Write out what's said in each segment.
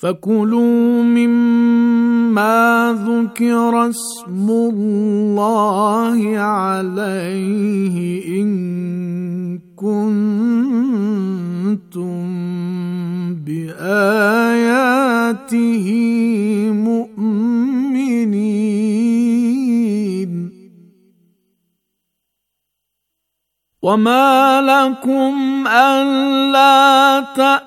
فكلوا مما ذكر اسم الله عليه ان كنتم باياته مؤمنين وما لكم الا تاتوا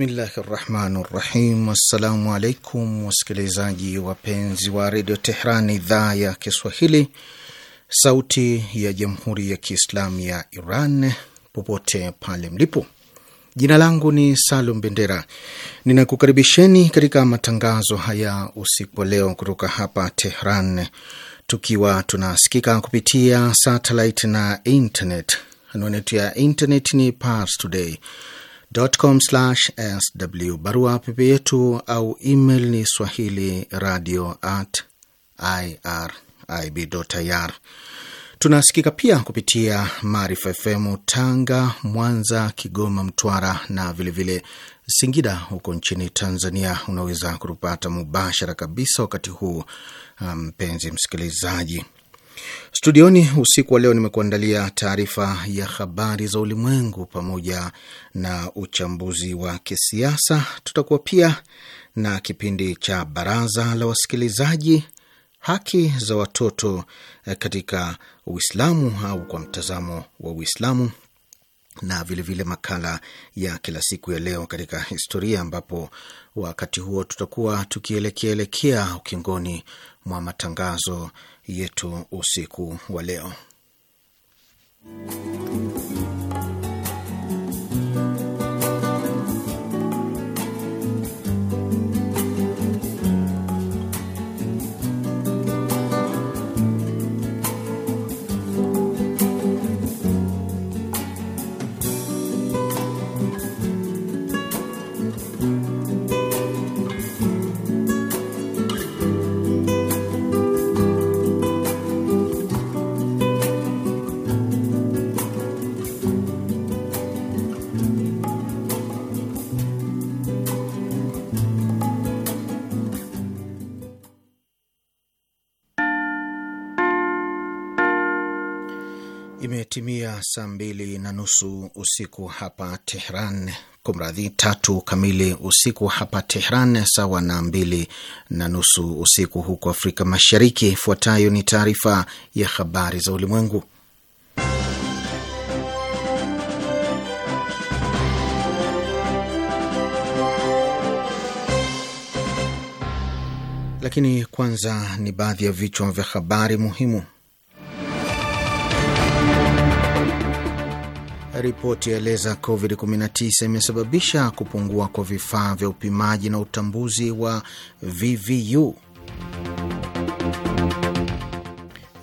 Bismillahi rahmani rahim. Assalamu alaikum wasikilizaji wapenzi wa redio Tehran, idhaa ya Kiswahili, sauti ya jamhuri ya kiislamu ya Iran, popote pale mlipo. Jina langu ni Salum Bendera, ninakukaribisheni katika matangazo haya usiku wa leo kutoka hapa Tehran, tukiwa tunasikika kupitia satellite na internet. Anwani ya internet ni Pars Today sw. Barua pepe yetu au email ni swahili radio at irib ir. Tunasikika pia kupitia Maarifa FM Tanga, Mwanza, Kigoma, Mtwara na vilevile vile Singida huko nchini Tanzania. Unaweza kutupata mubashara kabisa wakati huu mpenzi um, msikilizaji Studioni usiku wa leo nimekuandalia taarifa ya habari za ulimwengu pamoja na uchambuzi wa kisiasa. Tutakuwa pia na kipindi cha baraza la wasikilizaji, haki za watoto katika Uislamu au kwa mtazamo wa Uislamu, na vilevile vile makala ya kila siku ya leo katika historia, ambapo wakati huo tutakuwa tukielekeelekea ukingoni mwa matangazo yetu usiku wa leo. Imetimia saa mbili na nusu usiku hapa Tehran, kumradhi, tatu kamili usiku hapa Tehran, sawa na mbili na nusu usiku huko Afrika Mashariki. Ifuatayo ni taarifa ya habari za ulimwengu, lakini kwanza ni baadhi ya vichwa vya habari muhimu. Ripoti yaeleza COVID-19 imesababisha kupungua kwa vifaa vya upimaji na utambuzi wa VVU.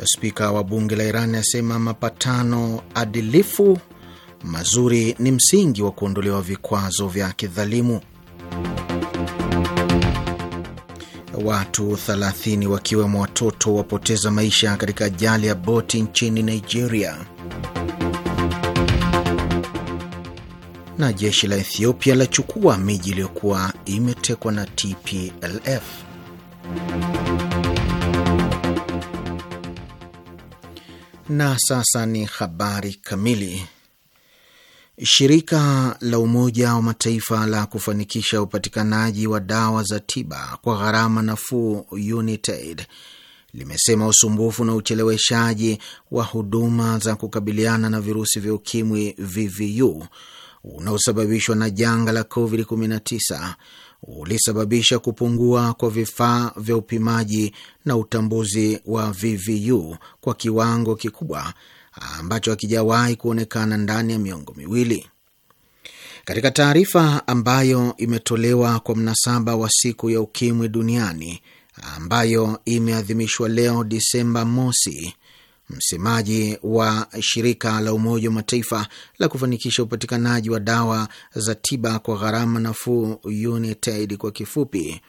Spika wa bunge la Iran asema mapatano adilifu mazuri ni msingi wa kuondolewa vikwazo vya kidhalimu. Watu 30 wakiwemo watoto wapoteza maisha katika ajali ya boti nchini Nigeria. na jeshi la Ethiopia lachukua miji iliyokuwa imetekwa na TPLF. Na sasa ni habari kamili. Shirika la Umoja wa Mataifa la kufanikisha upatikanaji wa dawa za tiba kwa gharama nafuu UNITAID limesema usumbufu na ucheleweshaji wa huduma za kukabiliana na virusi vya ukimwi VVU unaosababishwa na janga la COVID-19 ulisababisha kupungua kwa vifaa vya upimaji na utambuzi wa VVU kwa kiwango kikubwa ambacho hakijawahi kuonekana ndani ya miongo miwili. Katika taarifa ambayo imetolewa kwa mnasaba wa siku ya ukimwi duniani ambayo imeadhimishwa leo Disemba mosi, Msemaji wa shirika la Umoja wa Mataifa la kufanikisha upatikanaji wa dawa za tiba kwa gharama nafuu, UNITAID kwa kifupi,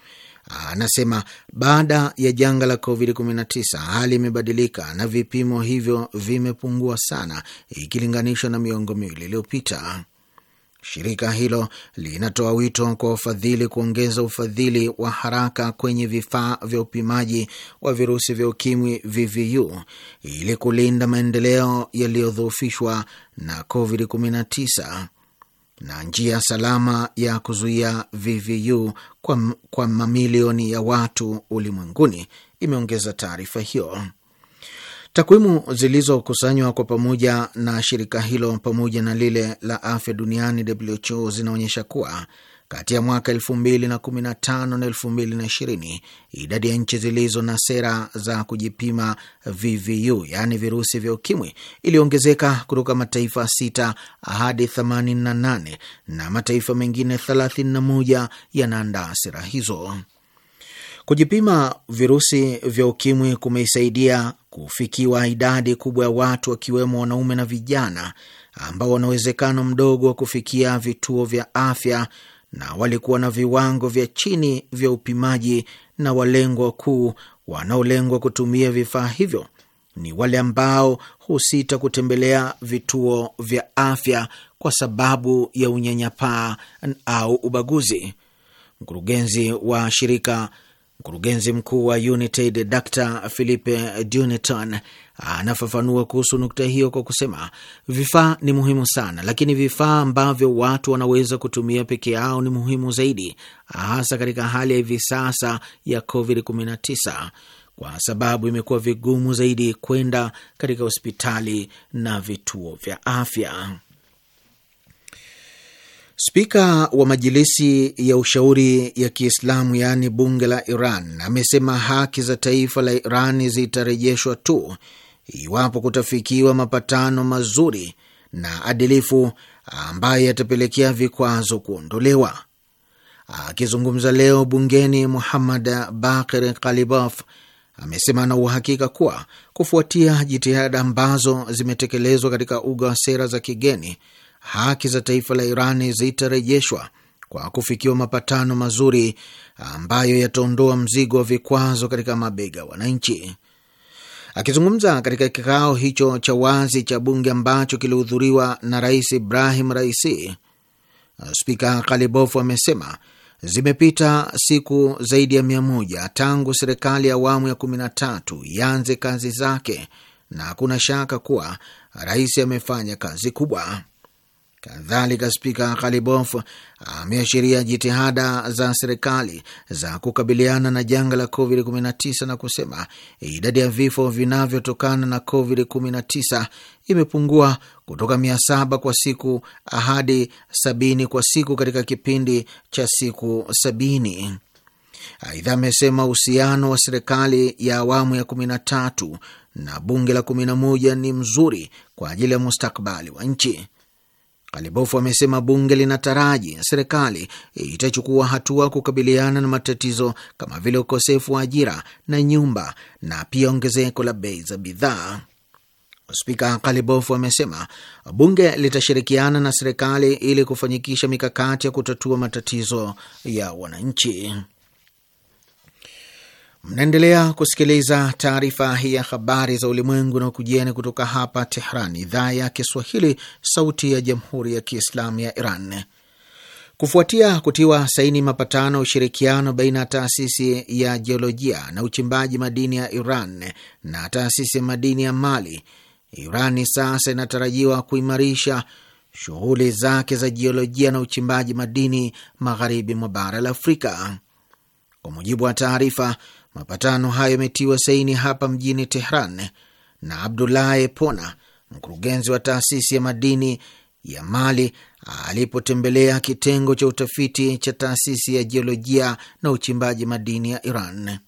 anasema baada ya janga la COVID-19 hali imebadilika na vipimo hivyo vimepungua sana ikilinganishwa na miongo miwili iliyopita. Shirika hilo linatoa wito kwa wafadhili kuongeza ufadhili wa haraka kwenye vifaa vya upimaji wa virusi vya ukimwi VVU ili kulinda maendeleo yaliyodhoofishwa na COVID-19 na njia salama ya kuzuia VVU kwa, kwa mamilioni ya watu ulimwenguni, imeongeza taarifa hiyo. Takwimu zilizokusanywa kwa pamoja na shirika hilo pamoja na lile la afya duniani WHO zinaonyesha kuwa kati ya mwaka 2015 na 2020 idadi ya nchi zilizo na sera za kujipima VVU yaani virusi vya ukimwi iliongezeka kutoka mataifa sita hadi 88 na mataifa mengine 31 yanaandaa sera hizo. Kujipima virusi vya ukimwi kumeisaidia kufikiwa idadi kubwa ya watu wakiwemo wanaume na vijana ambao wana uwezekano mdogo wa kufikia vituo vya afya na walikuwa na viwango vya chini vya upimaji, na walengwa wakuu wanaolengwa kutumia vifaa hivyo ni wale ambao husita kutembelea vituo vya afya kwa sababu ya unyanyapaa au ubaguzi. Mkurugenzi wa shirika Mkurugenzi mkuu wa United Dr Philippe Duniton anafafanua kuhusu nukta hiyo kwa kusema vifaa ni muhimu sana, lakini vifaa ambavyo watu wanaweza kutumia peke yao ni muhimu zaidi, hasa katika hali ya hivi sasa ya COVID-19 kwa sababu imekuwa vigumu zaidi kwenda katika hospitali na vituo vya afya. Spika wa Majilisi ya Ushauri ya Kiislamu yaani bunge la Iran amesema haki za taifa la Iran zitarejeshwa tu iwapo kutafikiwa mapatano mazuri na adilifu ambaye yatapelekea vikwazo kuondolewa. Akizungumza leo bungeni, Muhammad Bakir Kalibof amesema ana uhakika kuwa kufuatia jitihada ambazo zimetekelezwa katika uga wa sera za kigeni haki za taifa la Iran zitarejeshwa kwa kufikiwa mapatano mazuri ambayo yataondoa mzigo wa vikwazo katika mabega wananchi. Akizungumza katika kikao hicho cha wazi cha bunge ambacho kilihudhuriwa na Rais Ibrahim Raisi, Spika Kalibof amesema zimepita siku zaidi ya mia moja tangu serikali ya awamu ya kumi na tatu ianze kazi zake na hakuna shaka kuwa rais amefanya kazi kubwa. Kadhalika, Spika ghalibof ameashiria jitihada za serikali za kukabiliana na janga la COVID-19 na kusema idadi ya vifo vinavyotokana na COVID-19 imepungua kutoka mia saba kwa siku hadi sabini kwa siku katika kipindi cha siku sabini. Aidha, amesema uhusiano wa serikali ya awamu ya kumi na tatu na bunge la kumi na moja ni mzuri kwa ajili ya mustakabali wa nchi. Kalibofu amesema bunge linataraji serikali itachukua hatua kukabiliana na matatizo kama vile ukosefu wa ajira na nyumba na pia ongezeko la bei za bidhaa. Spika Kalibofu amesema bunge litashirikiana na serikali ili kufanikisha mikakati ya kutatua matatizo ya wananchi. Mnaendelea kusikiliza taarifa hii ya habari za ulimwengu na ukujieni kutoka hapa Tehran, idhaa ya Kiswahili, sauti ya jamhuri ya kiislamu ya Iran. Kufuatia kutiwa saini mapatano ya ushirikiano baina ya taasisi ya jiolojia na uchimbaji madini ya Iran na taasisi ya madini ya Mali, iran sasa inatarajiwa kuimarisha shughuli zake za jiolojia na uchimbaji madini magharibi mwa bara la Afrika, kwa mujibu wa taarifa Mapatano hayo yametiwa saini hapa mjini Tehran na Abdulahi Pona, mkurugenzi wa taasisi ya madini ya Mali, alipotembelea kitengo cha utafiti cha taasisi ya jiolojia na uchimbaji madini ya Iran.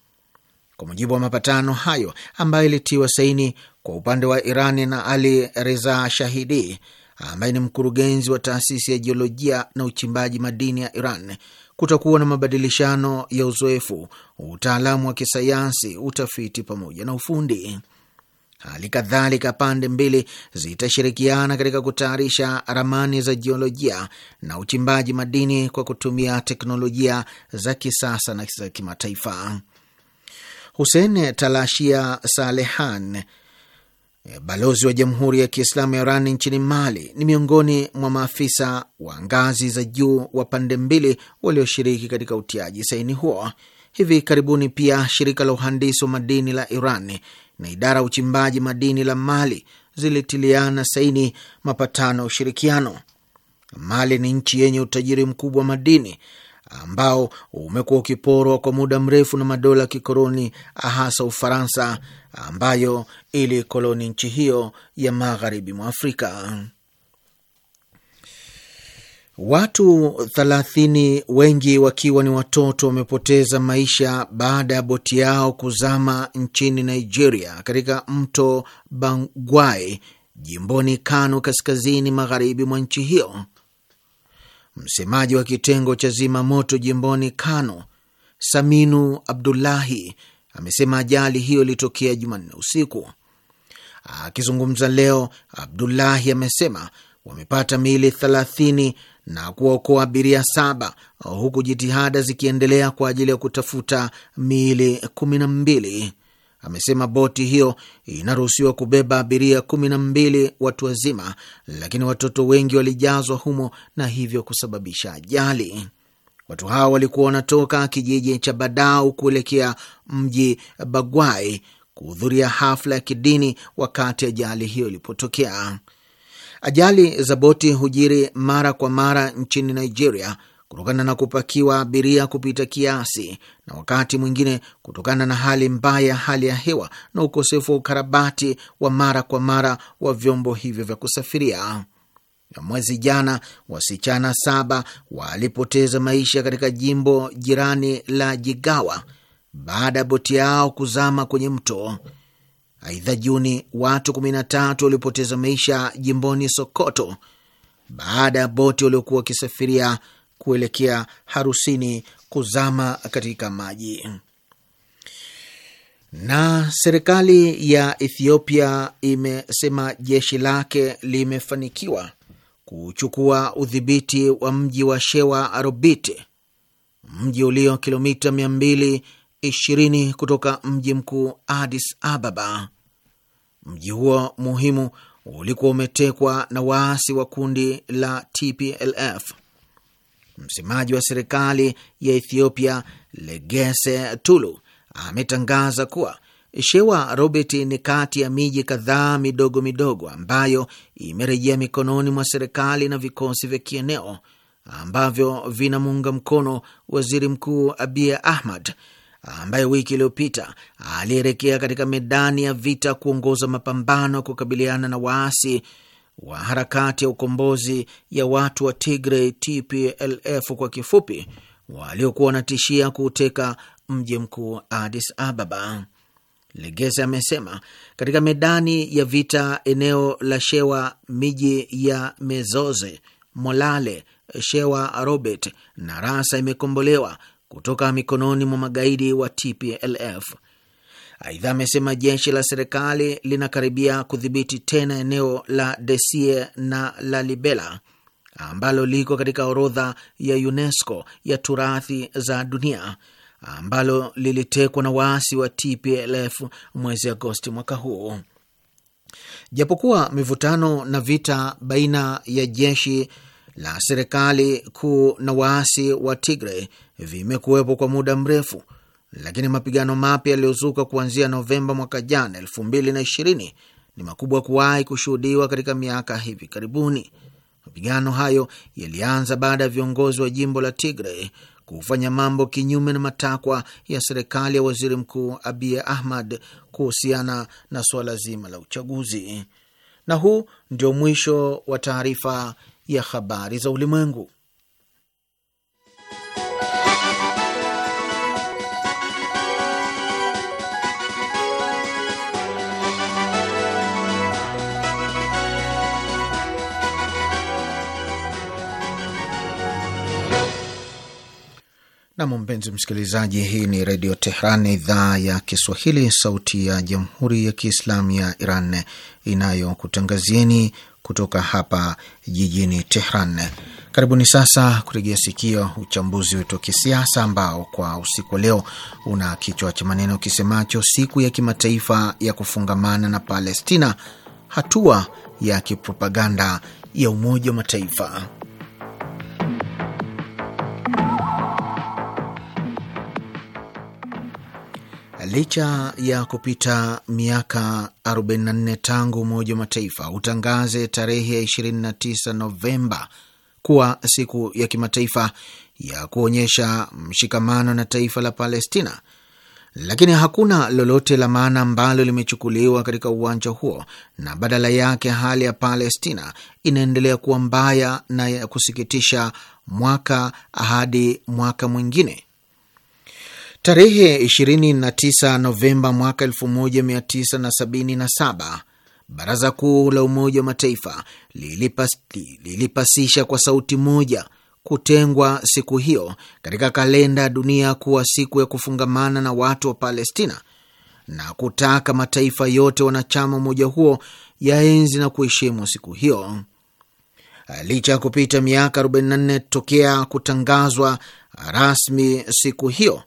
Kwa mujibu wa mapatano hayo ambayo ilitiwa saini kwa upande wa Iran na Ali Reza Shahidi ambaye ni mkurugenzi wa taasisi ya jiolojia na uchimbaji madini ya Iran, kutakuwa na mabadilishano ya uzoefu, utaalamu wa kisayansi, utafiti pamoja na ufundi. Hali kadhalika pande mbili zitashirikiana katika kutayarisha ramani za jiolojia na uchimbaji madini kwa kutumia teknolojia za kisasa na za kimataifa. Hussein Talashia Salehan, Eh, balozi wa Jamhuri ya Kiislamu ya Iran nchini Mali ni miongoni mwa maafisa wa ngazi za juu wa pande mbili walioshiriki katika utiaji saini huo. Hivi karibuni pia shirika la uhandisi wa madini la Iran na idara ya uchimbaji madini la Mali zilitiliana saini mapatano ya ushirikiano. Mali ni nchi yenye utajiri mkubwa wa madini ambao umekuwa ukiporwa kwa muda mrefu na madola kikoroni, hasa Ufaransa ambayo ili koloni nchi hiyo ya magharibi mwa Afrika. Watu thelathini, wengi wakiwa ni watoto, wamepoteza maisha baada ya boti yao kuzama nchini Nigeria, katika mto Bangwai, jimboni Kano, kaskazini magharibi mwa nchi hiyo. Msemaji wa kitengo cha zima moto jimboni Kano, Saminu Abdullahi amesema ajali hiyo ilitokea Jumanne usiku. Akizungumza leo, Abdullahi amesema wamepata miili thelathini na kuwaokoa abiria saba huku jitihada zikiendelea kwa ajili ya kutafuta miili kumi na mbili. Amesema boti hiyo inaruhusiwa kubeba abiria kumi na mbili watu wazima, lakini watoto wengi walijazwa humo na hivyo kusababisha ajali. Watu hao walikuwa wanatoka kijiji cha Badau kuelekea mji Bagwai kuhudhuria hafla ya kidini wakati ajali hiyo ilipotokea. Ajali za boti hujiri mara kwa mara nchini Nigeria kutokana na kupakiwa abiria kupita kiasi na wakati mwingine kutokana na hali mbaya ya hali ya hewa na ukosefu wa ukarabati wa mara kwa mara wa vyombo hivyo vya kusafiria ya mwezi jana wasichana saba walipoteza maisha katika jimbo jirani la Jigawa baada ya boti yao kuzama kwenye mto. Aidha, Juni watu 13 waliopoteza maisha jimboni Sokoto baada ya boti waliokuwa wakisafiria kuelekea harusini kuzama katika maji. Na serikali ya Ethiopia imesema jeshi lake limefanikiwa kuchukua udhibiti wa mji wa Shewa Arobit, mji ulio kilomita 220 kutoka mji mkuu adis Ababa. Mji huo muhimu ulikuwa umetekwa na waasi wa kundi la TPLF. Msemaji wa serikali ya Ethiopia Legesse Tulu ametangaza kuwa Shewa Robert ni kati ya miji kadhaa midogo midogo ambayo imerejea mikononi mwa serikali na vikosi vya kieneo ambavyo vinamuunga mkono waziri mkuu Abiy Ahmed ambaye wiki iliyopita alielekea katika medani ya vita kuongoza mapambano ya kukabiliana na waasi wa harakati ya ukombozi ya watu wa Tigray TPLF kwa kifupi, waliokuwa wanatishia kuuteka mji mkuu Addis Ababa. Legese amesema katika medani ya vita eneo la Shewa, miji ya Mezoze, Molale, Shewa Robert na Rasa imekombolewa kutoka mikononi mwa magaidi wa TPLF. Aidha amesema jeshi la serikali linakaribia kudhibiti tena eneo la Desie na la libela ambalo liko katika orodha ya UNESCO ya turathi za dunia ambalo lilitekwa na waasi wa TPLF mwezi Agosti mwaka huu. Japokuwa mivutano na vita baina ya jeshi la serikali kuu na waasi wa tigre vimekuwepo kwa muda mrefu, lakini mapigano mapya yaliyozuka kuanzia Novemba mwaka jana elfu mbili na ishirini ni makubwa kuwahi kushuhudiwa katika miaka hivi karibuni. Mapigano hayo yalianza baada ya viongozi wa jimbo la Tigray kufanya mambo kinyume na matakwa ya serikali ya waziri mkuu Abiy Ahmed kuhusiana na suala zima la uchaguzi. Na huu ndio mwisho wa taarifa ya habari za ulimwengu. Nam, mpenzi msikilizaji, hii ni Redio Tehran, idhaa ya Kiswahili, sauti ya Jamhuri ya Kiislamu ya Iran inayokutangazieni kutoka hapa jijini Tehran. Karibuni sasa kuregea sikio uchambuzi wetu wa kisiasa ambao kwa usiku wa leo una kichwa cha maneno kisemacho siku ya kimataifa ya kufungamana na Palestina, hatua ya kipropaganda ya Umoja wa Mataifa. licha ya kupita miaka 44 tangu Umoja wa Mataifa utangaze tarehe ya 29 Novemba kuwa siku ya kimataifa ya kuonyesha mshikamano na taifa la Palestina, lakini hakuna lolote la maana ambalo limechukuliwa katika uwanja huo, na badala yake hali ya Palestina inaendelea kuwa mbaya na ya kusikitisha mwaka hadi mwaka mwingine Tarehe 29 Novemba mwaka 1977 Baraza Kuu la Umoja wa Mataifa lilipas, lilipasisha kwa sauti moja kutengwa siku hiyo katika kalenda ya dunia kuwa siku ya kufungamana na watu wa Palestina na kutaka mataifa yote wanachama umoja huo yaenzi na kuheshimu siku hiyo. Licha ya kupita miaka 44 tokea kutangazwa rasmi siku hiyo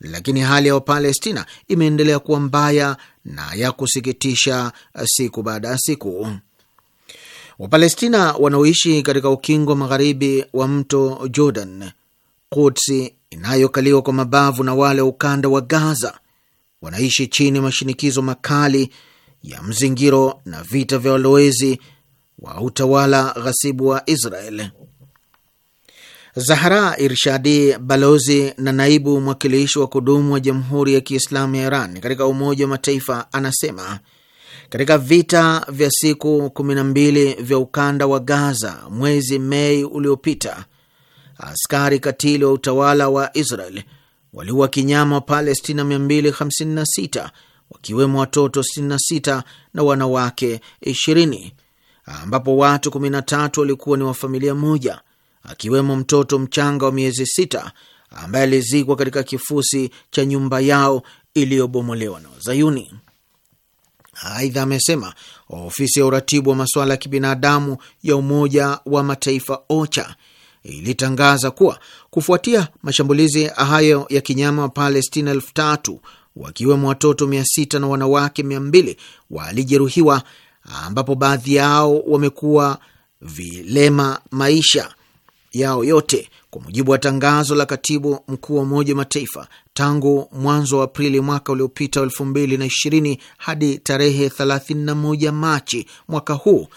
lakini hali ya Wapalestina imeendelea kuwa mbaya na ya kusikitisha siku baada ya siku. Wapalestina wanaoishi katika ukingo magharibi wa mto Jordan, Kutsi inayokaliwa kwa mabavu na wale wa ukanda wa Gaza wanaishi chini ya mashinikizo makali ya mzingiro na vita vya walowezi wa utawala ghasibu wa Israel. Zahra Irshadi, balozi na naibu mwakilishi wa kudumu wa Jamhuri ya Kiislamu ya Iran katika Umoja wa Mataifa, anasema katika vita vya siku 12 vya ukanda wa Gaza mwezi Mei uliopita, askari katili wa utawala wa Israel waliuwa kinyama wa Palestina 256 wakiwemo watoto 66 na wanawake 20 ambapo watu 13 walikuwa ni wa familia moja akiwemo mtoto mchanga wa miezi sita ambaye alizikwa katika kifusi cha nyumba yao iliyobomolewa na Wazayuni. Aidha, amesema ofisi ya uratibu wa masuala ya kibinadamu ya Umoja wa Mataifa OCHA ilitangaza kuwa kufuatia mashambulizi hayo ya kinyama wa Palestina elfu tatu wakiwemo watoto mia sita na wanawake mia mbili walijeruhiwa ambapo baadhi yao wamekuwa vilema maisha yao yote kwa mujibu wa tangazo la katibu mkuu wa Umoja wa Mataifa tangu mwanzo wa Aprili mwaka uliopita elfu mbili na ishirini hadi tarehe 31 Machi mwaka huu,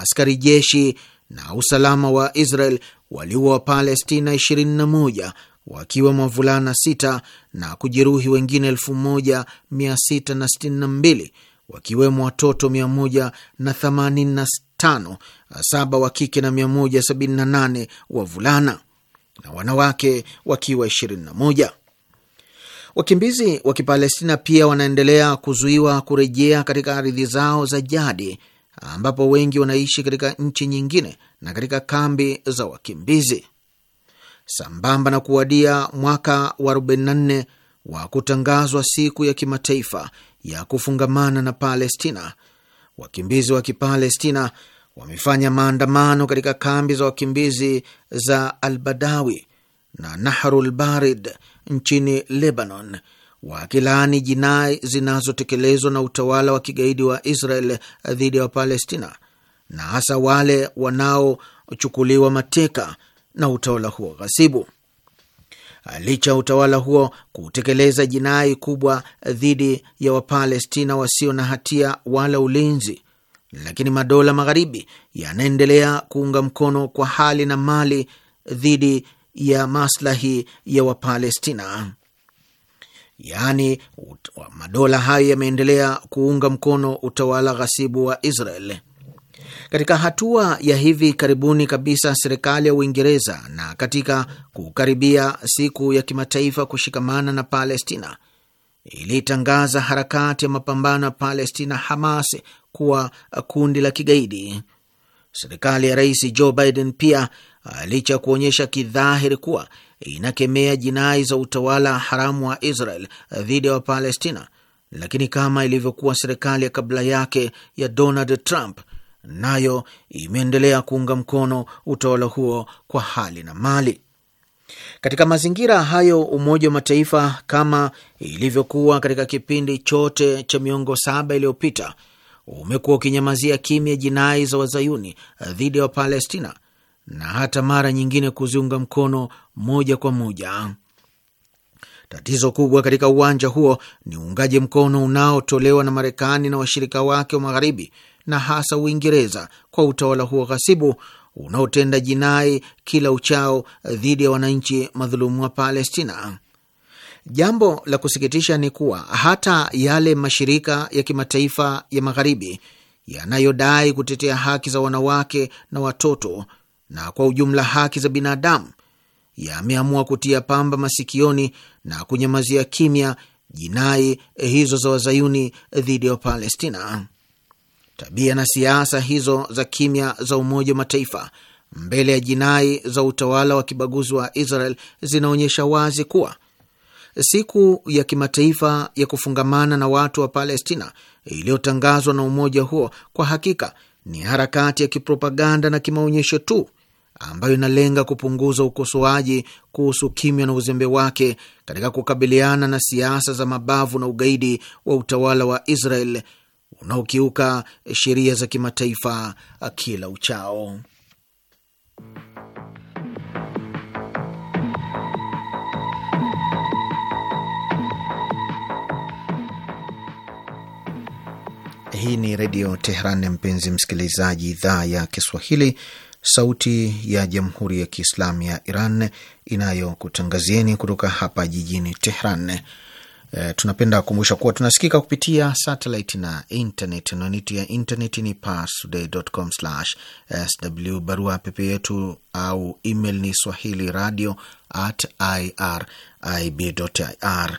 askari jeshi na usalama wa Israel waliua Wapalestina 21 wakiwa wavulana 6 na kujeruhi wengine 1662 wakiwemo watoto tano, saba wa kike na 178 wavulana na wanawake wakiwa 21. Wakimbizi wa Kipalestina pia wanaendelea kuzuiwa kurejea katika ardhi zao za jadi ambapo wengi wanaishi katika nchi nyingine na katika kambi za wakimbizi. Sambamba na kuwadia mwaka wa 44 wa kutangazwa siku ya kimataifa ya kufungamana na Palestina, wakimbizi wa Kipalestina wamefanya maandamano katika kambi za wakimbizi za Albadawi na Nahrul Barid nchini Lebanon wakilaani jinai zinazotekelezwa na utawala wa kigaidi wa Israel dhidi ya Wapalestina na hasa wale wanaochukuliwa mateka na utawala huo ghasibu licha ya utawala huo kutekeleza jinai kubwa dhidi ya Wapalestina wasio na hatia wala ulinzi, lakini madola magharibi yanaendelea kuunga mkono kwa hali na mali dhidi ya maslahi ya Wapalestina. Yaani, madola hayo yameendelea kuunga mkono utawala ghasibu wa Israel. Katika hatua ya hivi karibuni kabisa, serikali ya Uingereza na katika kukaribia siku ya kimataifa kushikamana na Palestina ilitangaza harakati ya mapambano ya Palestina Hamas kuwa kundi la kigaidi. Serikali ya Rais Joe Biden pia licha ya kuonyesha kidhahiri kuwa inakemea jinai za utawala haramu wa Israel dhidi ya Wapalestina, lakini kama ilivyokuwa serikali ya kabla yake ya Donald Trump nayo imeendelea kuunga mkono utawala huo kwa hali na mali. Katika mazingira hayo, Umoja wa Mataifa kama ilivyokuwa katika kipindi chote cha miongo saba iliyopita umekuwa ukinyamazia kimya jinai za wazayuni dhidi ya wa Wapalestina na hata mara nyingine kuziunga mkono moja kwa moja. Tatizo kubwa katika uwanja huo ni uungaji mkono unaotolewa na Marekani na washirika wake wa Magharibi na hasa Uingereza kwa utawala huo ghasibu unaotenda jinai kila uchao dhidi ya wananchi madhulumu wa Palestina. Jambo la kusikitisha ni kuwa hata yale mashirika ya kimataifa ya magharibi yanayodai kutetea haki za wanawake na watoto na kwa ujumla haki za binadamu yameamua kutia pamba masikioni na kunyamazia kimya jinai hizo za wazayuni dhidi ya Palestina. Tabia na siasa hizo za kimya za Umoja wa Mataifa mbele ya jinai za utawala wa kibaguzi wa Israel zinaonyesha wazi kuwa siku ya kimataifa ya kufungamana na watu wa Palestina iliyotangazwa na umoja huo kwa hakika ni harakati ya kipropaganda na kimaonyesho tu ambayo inalenga kupunguza ukosoaji kuhusu kimya na uzembe wake katika kukabiliana na siasa za mabavu na ugaidi wa utawala wa Israel unaokiuka sheria za kimataifa kila uchao. Hii ni Redio Teheran, mpenzi msikilizaji, idhaa ya Kiswahili, sauti ya Jamhuri ya Kiislamu ya Iran inayokutangazieni kutoka hapa jijini Teheran. E, tunapenda kukumbusha kuwa tunasikika kupitia satellite na internet. Anwani ya internet ni parstoday.com/sw. Barua pepe yetu au email ni swahili radio at irib.ir.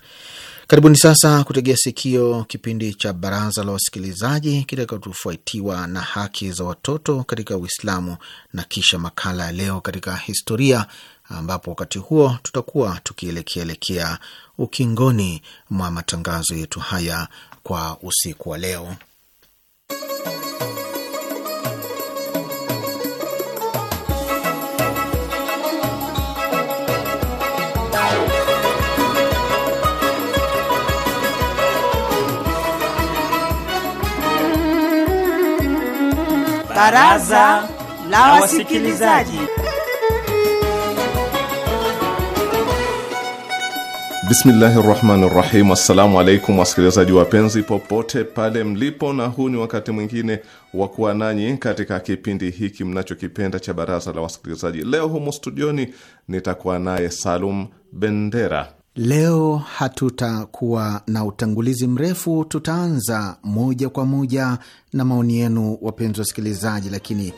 Karibuni sasa kutegea sikio kipindi cha Baraza la Wasikilizaji kitakachofuatiwa na haki za watoto katika Uislamu na kisha makala ya leo katika historia, ambapo wakati huo tutakuwa tukielekeelekea ukingoni mwa matangazo yetu haya kwa usiku wa leo. Baraza la Wasikilizaji. Bismillahi rahmani rahim. Assalamu alaikum wasikilizaji wapenzi popote pale mlipo, na huu ni wakati mwingine wa kuwa nanyi katika kipindi hiki mnachokipenda cha baraza la wasikilizaji. Leo humu studioni nitakuwa naye Salum Bendera Leo hatutakuwa na utangulizi mrefu, tutaanza moja kwa moja na maoni yenu, wapenzi wasikilizaji, lakini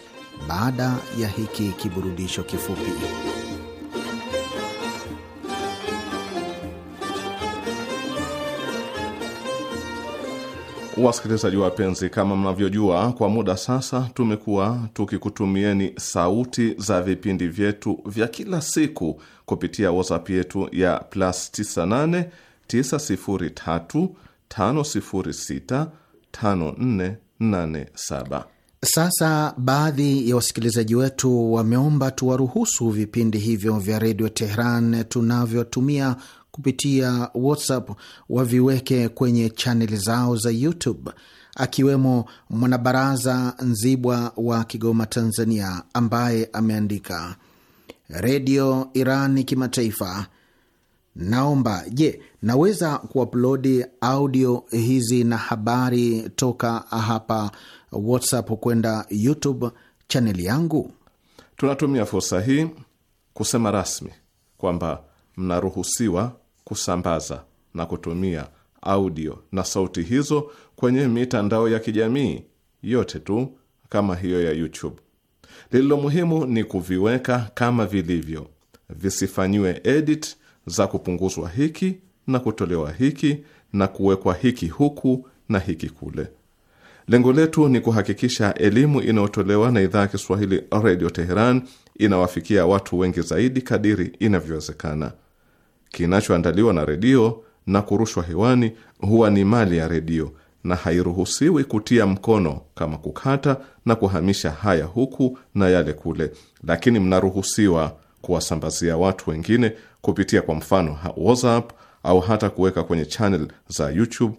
baada ya hiki kiburudisho kifupi. Wasikilizaji wapenzi, kama mnavyojua, kwa muda sasa tumekuwa tukikutumieni sauti za vipindi vyetu vya kila siku kupitia WhatsApp yetu ya plus 98 903 506 5487. Sasa baadhi ya wasikilizaji wetu wameomba tuwaruhusu vipindi hivyo vya redio Tehran tunavyotumia kupitia WhatsApp waviweke kwenye chaneli zao za YouTube, akiwemo mwanabaraza Nzibwa wa Kigoma, Tanzania, ambaye ameandika Redio Irani Kimataifa, naomba je, naweza kuaplodi audio hizi na habari toka hapa WhatsApp kwenda YouTube chaneli yangu? Tunatumia fursa hii kusema rasmi kwamba mnaruhusiwa kusambaza na kutumia audio na sauti hizo kwenye mitandao ya kijamii yote tu kama hiyo ya YouTube. Lililo muhimu ni kuviweka kama vilivyo, visifanyiwe edit za kupunguzwa hiki na kutolewa hiki na kuwekwa hiki huku na hiki kule. Lengo letu ni kuhakikisha elimu inayotolewa na idhaa ya Kiswahili Redio Teheran inawafikia watu wengi zaidi kadiri inavyowezekana kinachoandaliwa na redio na kurushwa hewani huwa ni mali ya redio na hairuhusiwi kutia mkono kama kukata na kuhamisha haya huku na yale kule, lakini mnaruhusiwa kuwasambazia watu wengine kupitia kwa mfano WhatsApp au hata kuweka kwenye channel za YouTube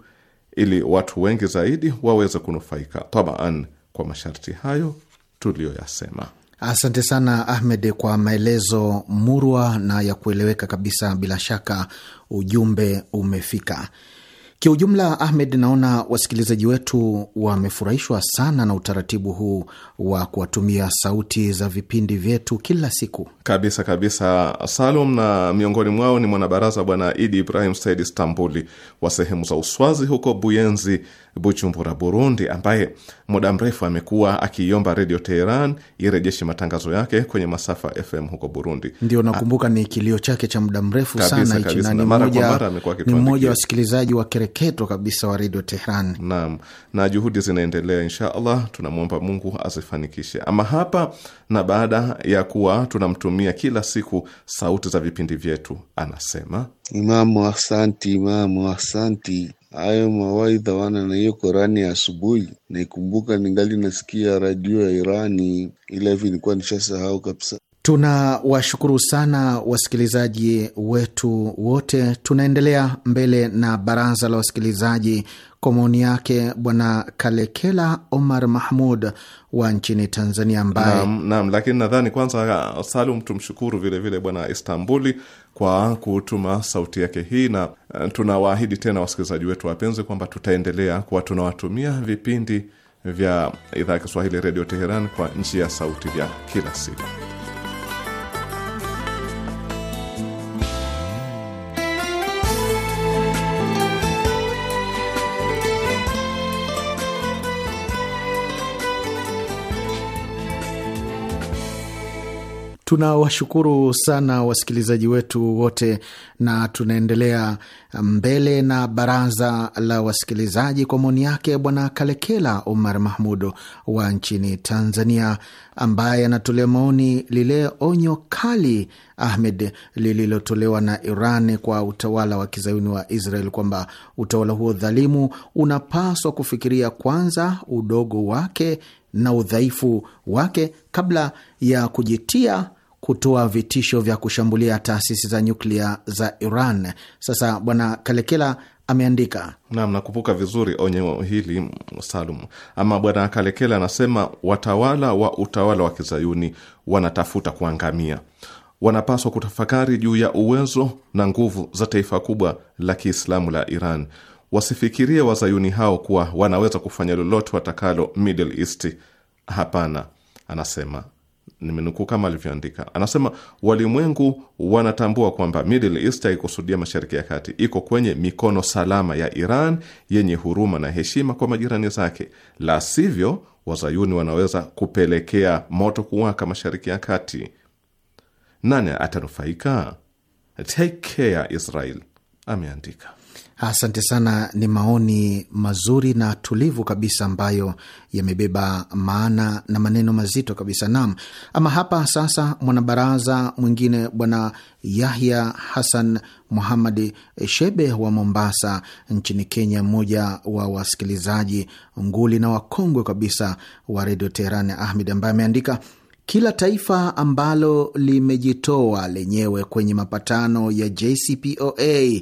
ili watu wengi zaidi waweze kunufaika tabaan, kwa masharti hayo tuliyoyasema. Asante sana Ahmed kwa maelezo murwa na ya kueleweka kabisa. Bila shaka ujumbe umefika. Kiujumla Ahmed, naona wasikilizaji wetu wamefurahishwa sana na utaratibu huu wa kuwatumia sauti za vipindi vyetu kila siku. Kabisa kabisa, Salum. Na miongoni mwao ni mwanabaraza Bwana Idi Ibrahim Said Stambuli wa sehemu za Uswazi huko Buyenzi, Bujumbura, Burundi, ambaye muda mrefu amekuwa akiiomba Redio Teheran irejeshe matangazo yake kwenye masafa FM huko Burundi. Ndio ah, nakumbuka ni kilio chake cha muda mrefu sana hichi, na ni mmoja wa wasikilizaji wa kereketo kabisa wa Redio Teheran. Naam, na juhudi zinaendelea, insha Allah tunamwomba Mungu azifanikishe. Ama hapa na baada ya kuwa tunamtumia kila siku sauti za vipindi vyetu, anasema Imamu, asanti Imamu, asanti hayo mawaidha wana na hiyo Korani ya asubuhi, naikumbuka ningali nasikia radio ya Irani, ila hivi nilikuwa nishasahau kabisa. Tunawashukuru sana wasikilizaji wetu wote. Tunaendelea mbele na baraza la wasikilizaji kwa maoni yake Bwana Kalekela Omar Mahmud wa nchini Tanzania, ambaye naam, lakini nadhani kwanza uh, Salum tumshukuru vilevile Bwana Istambuli kwa kutuma sauti yake hii, na uh, tunawaahidi tena wasikilizaji wetu wapenzi kwamba tutaendelea kuwa tunawatumia vipindi vya idhaa ya Kiswahili Redio Teheran kwa njia ya sauti vya kila siku. Tunawashukuru sana wasikilizaji wetu wote, na tunaendelea mbele na baraza la wasikilizaji kwa maoni yake Bwana Kalekela Omar Mahmud wa nchini Tanzania, ambaye anatolea maoni lile onyo kali Ahmed lililotolewa na Iran kwa utawala wa kizayuni wa Israel kwamba utawala huo dhalimu unapaswa kufikiria kwanza udogo wake na udhaifu wake kabla ya kujitia kutoa vitisho vya kushambulia taasisi za nyuklia za Iran. Sasa Bwana Kalekela ameandika nam, nakumbuka vizuri onye hili Salum. Ama Bwana Kalekela anasema watawala wa utawala wa kizayuni wanatafuta kuangamia, wanapaswa kutafakari juu ya uwezo na nguvu za taifa kubwa la Kiislamu la Iran. Wasifikirie wazayuni hao kuwa wanaweza kufanya lolote watakalo Middle East. Hapana, anasema nimenukuu kama alivyoandika, anasema walimwengu wanatambua kwamba Middle East haikusudia Mashariki ya Kati, iko kwenye mikono salama ya Iran yenye huruma na heshima kwa majirani zake, la sivyo wazayuni wanaweza kupelekea moto kuwaka Mashariki ya Kati. Nani atanufaika? Take care Israel, ameandika. Asante sana, ni maoni mazuri na tulivu kabisa ambayo yamebeba maana na maneno mazito kabisa. Naam, ama hapa sasa, mwanabaraza mwingine Bwana Yahya Hassan Muhammad Shebe wa Mombasa nchini Kenya, mmoja wa wasikilizaji nguli na wakongwe kabisa wa Redio Teheran Ahmed, ambaye ameandika kila taifa ambalo limejitoa lenyewe kwenye mapatano ya JCPOA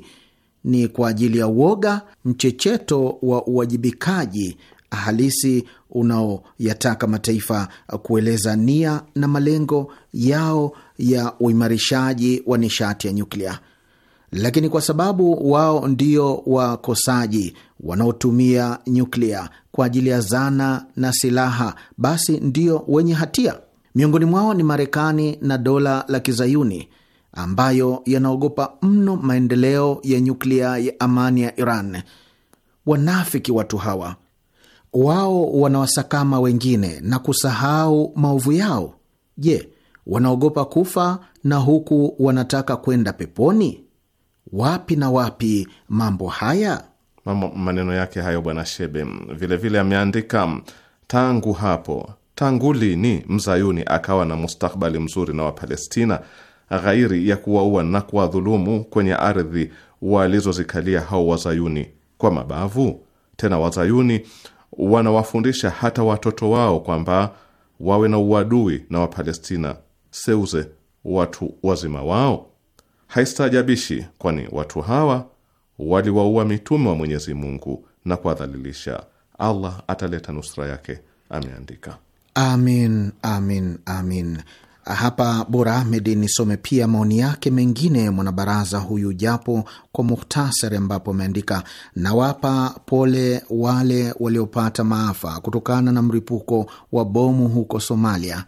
ni kwa ajili ya uoga, mchecheto wa uwajibikaji halisi unaoyataka mataifa kueleza nia na malengo yao ya uimarishaji wa nishati ya nyuklia, lakini kwa sababu wao ndio wakosaji wanaotumia nyuklia kwa ajili ya zana na silaha, basi ndio wenye hatia. Miongoni mwao ni Marekani na dola la Kizayuni ambayo yanaogopa mno maendeleo ya nyuklia ya amani ya Iran. Wanafiki watu hawa, wao wanawasakama wengine na kusahau maovu yao. Je, wanaogopa kufa na huku wanataka kwenda peponi? Wapi na wapi mambo haya! Mambo maneno yake hayo, Bwana Shebe vilevile ameandika tangu hapo, tangu lini mzayuni akawa na mustakbali mzuri na Wapalestina ghairi ya kuwaua na kuwadhulumu kwenye ardhi walizozikalia hao wazayuni kwa mabavu. Tena wazayuni wanawafundisha hata watoto wao kwamba wawe na uadui na Wapalestina, seuze watu wazima wao. Haistajabishi, kwani watu hawa waliwaua mitume wa Mwenyezi Mungu na kuwadhalilisha. Allah ataleta nusra yake, ameandika. Amin, amin, amin. Hapa Bora Ahmed nisome pia maoni yake mengine mwanabaraza huyu, japo kwa muhtasari, ambapo ameandika nawapa pole wale waliopata maafa kutokana na mlipuko wa bomu huko Somalia,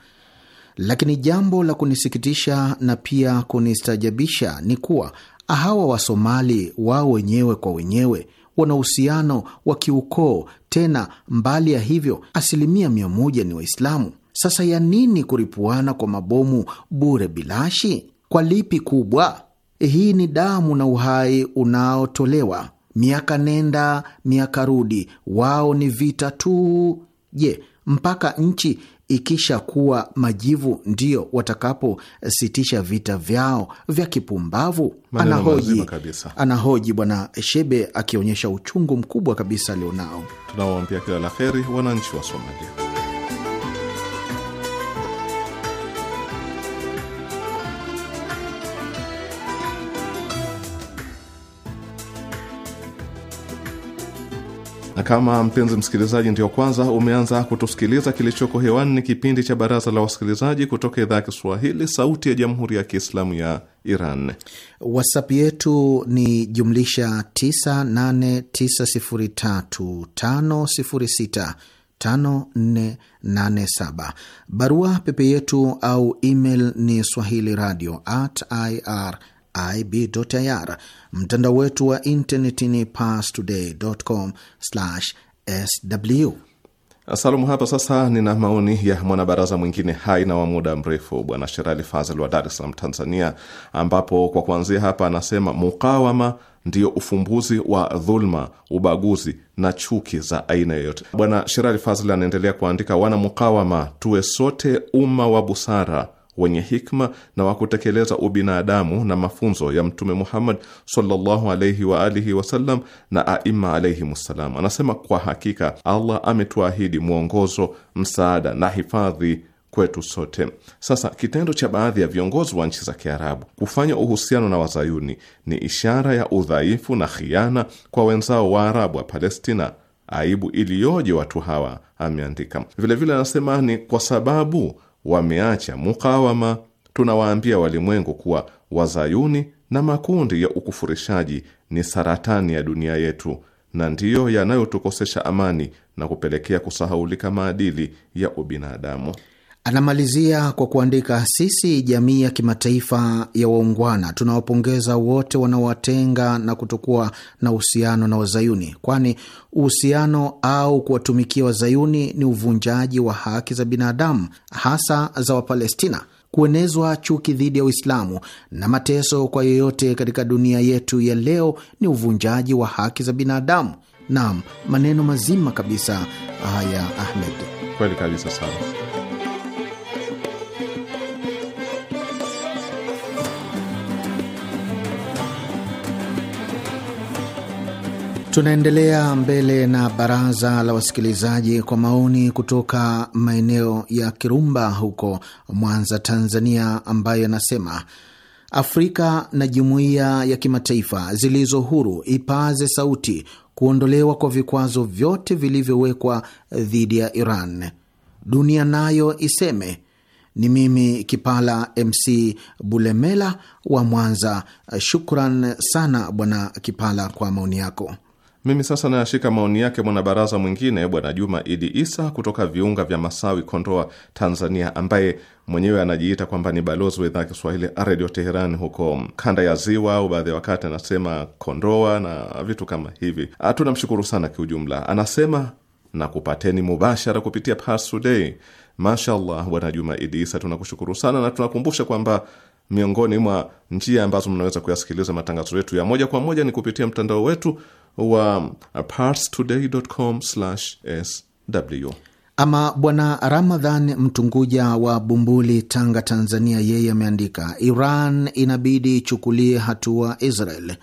lakini jambo la kunisikitisha na pia kunistajabisha ni kuwa hawa Wasomali wao wenyewe kwa wenyewe wana uhusiano wa kiukoo. Tena mbali ya hivyo, asilimia mia moja ni Waislamu. Sasa ya nini kuripuana kwa mabomu bure bilashi? Kwa lipi kubwa? Hii ni damu na uhai unaotolewa, miaka nenda miaka rudi, wao ni vita tu. Je, mpaka nchi ikishakuwa majivu ndiyo watakapositisha vita vyao vya kipumbavu? Anahoji, anahoji Bwana Shebe akionyesha uchungu mkubwa kabisa alionao. Tunawaambia kila la heri wananchi wa Somalia. Na kama mpenzi msikilizaji ndio kwanza umeanza kutusikiliza, kilichoko hewani ni kipindi cha Baraza la Wasikilizaji kutoka idhaa ya Kiswahili, Sauti ya Jamhuri ya Kiislamu ya Iran. WhatsApp yetu ni jumlisha 989035065487. Barua pepe yetu au email ni swahili radio at ir IB.ir. Mtandao wetu wa intaneti ni pastodaycom sw Salamu hapa sasa. Nina maoni ya mwanabaraza mwingine hai na wa muda mrefu, Bwana Sherali Fazel wa Dar es Salaam, Tanzania, ambapo kwa kuanzia hapa anasema mukawama ndio ufumbuzi wa dhulma, ubaguzi na chuki za aina yoyote. Bwana Sherali Fazel anaendelea kuandika, wana mukawama, tuwe sote umma wa busara wenye hikma na wa kutekeleza ubinadamu na mafunzo ya Mtume Muhammad sallallahu alayhi wa alihi wasallam na aima alaihimussalam. Anasema kwa hakika Allah ametuahidi mwongozo, msaada na hifadhi kwetu sote. Sasa kitendo cha baadhi ya viongozi wa nchi za Kiarabu kufanya uhusiano na wazayuni ni ishara ya udhaifu na khiana kwa wenzao wa arabu wa Palestina. Aibu iliyoje watu hawa, ameandika vilevile. Anasema ni kwa sababu wameacha mukawama, tunawaambia walimwengu kuwa wazayuni na makundi ya ukufurishaji ni saratani ya dunia yetu na ndiyo yanayotukosesha amani na kupelekea kusahaulika maadili ya ubinadamu. Anamalizia kwa kuandika, sisi jamii ya kimataifa ya waungwana tunawapongeza wote wanaowatenga na kutokuwa na uhusiano na Wazayuni, kwani uhusiano au kuwatumikia Wazayuni ni uvunjaji wa haki za binadamu, hasa za Wapalestina, kuenezwa chuki dhidi ya Uislamu na mateso kwa yoyote katika dunia yetu ya leo ni uvunjaji wa haki za binadamu. Naam, maneno mazima kabisa haya, Ahmed, kweli kabisa sana. Tunaendelea mbele na baraza la wasikilizaji kwa maoni kutoka maeneo ya Kirumba huko Mwanza, Tanzania, ambayo yanasema Afrika na jumuiya ya kimataifa zilizo huru ipaze sauti kuondolewa kwa vikwazo vyote vilivyowekwa dhidi ya Iran. Dunia nayo iseme. Ni mimi Kipala MC Bulemela wa Mwanza. Shukran sana Bwana Kipala kwa maoni yako. Mimi sasa nayashika maoni yake mwanabaraza mwingine Bwana Juma Idi Isa kutoka viunga vya Masawi, Kondoa, Tanzania, ambaye mwenyewe anajiita kwamba ni balozi wa idhaa ya Kiswahili Redio Teherani huko kanda ya Ziwa, au baadhi ya wakati anasema Kondoa na vitu kama hivi. Ah, tunamshukuru sana kiujumla. Anasema na kupateni mubashara kupitia Parstoday. Mashallah, Bwana Juma Idi Isa, tunakushukuru sana na tunakumbusha kwamba miongoni mwa njia ambazo mnaweza kuyasikiliza matangazo yetu ya moja kwa moja ni kupitia mtandao wetu wa uh, parstoday.com/sw. Ama bwana Ramadhan Mtunguja wa Bumbuli, Tanga, Tanzania, yeye ameandika, Iran inabidi ichukulie hatua Israel.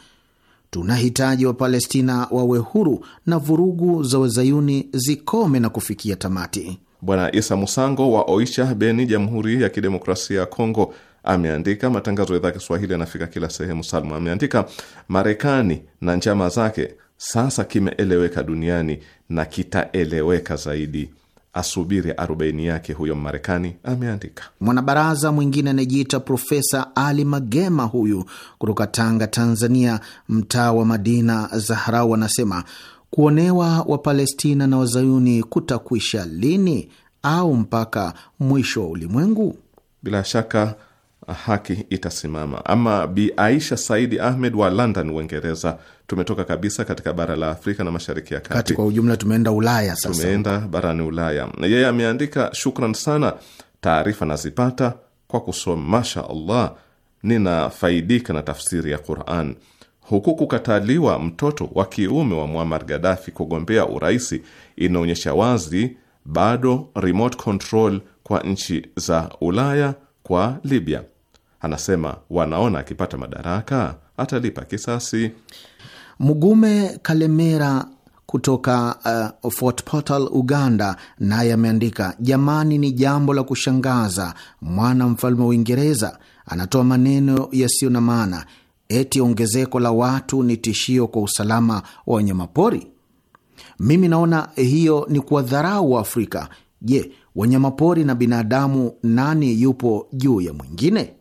Tunahitaji Wapalestina wawe huru na vurugu za wazayuni zikome na kufikia tamati. Bwana Isa Musango wa Oisha, Beni, Jamhuri ya Kidemokrasia ya Kongo ameandika matangazo ya idhaa Kiswahili yanafika kila sehemu. Salma ameandika Marekani na njama zake sasa kimeeleweka duniani na kitaeleweka zaidi. Asubiri arobaini yake huyo Mmarekani, ameandika mwanabaraza mwingine anayejiita Profesa Ali Magema, huyu kutoka Tanga, Tanzania, mtaa wa Madina Zaharau, anasema kuonewa Wapalestina na Wazayuni kutakwisha lini, au mpaka mwisho wa ulimwengu? Bila shaka haki itasimama. Ama Bi Aisha Saidi Ahmed wa London, Uingereza. Tumetoka kabisa katika bara la Afrika na mashariki ya kati, kwa ujumla, tumeenda Ulaya sasa. Tumeenda barani Ulaya. Yeye ameandika shukran sana, taarifa nazipata kwa kusoma. Masha Allah, ninafaidika na tafsiri ya Quran huku kukataliwa mtoto wa kiume wa Muammar Gaddafi kugombea uraisi inaonyesha wazi bado remote control kwa nchi za Ulaya kwa Libya. Anasema wanaona akipata madaraka atalipa kisasi. Mugume Kalemera kutoka uh, Fort Portal, Uganda, naye ameandika jamani, ni jambo la kushangaza, mwana mfalme wa Uingereza anatoa maneno yasiyo na maana, eti ongezeko la watu ni tishio kwa usalama wa wanyamapori. Mimi naona hiyo ni kuwadharau wa Afrika. Je, wanyamapori na binadamu, nani yupo juu ya mwingine?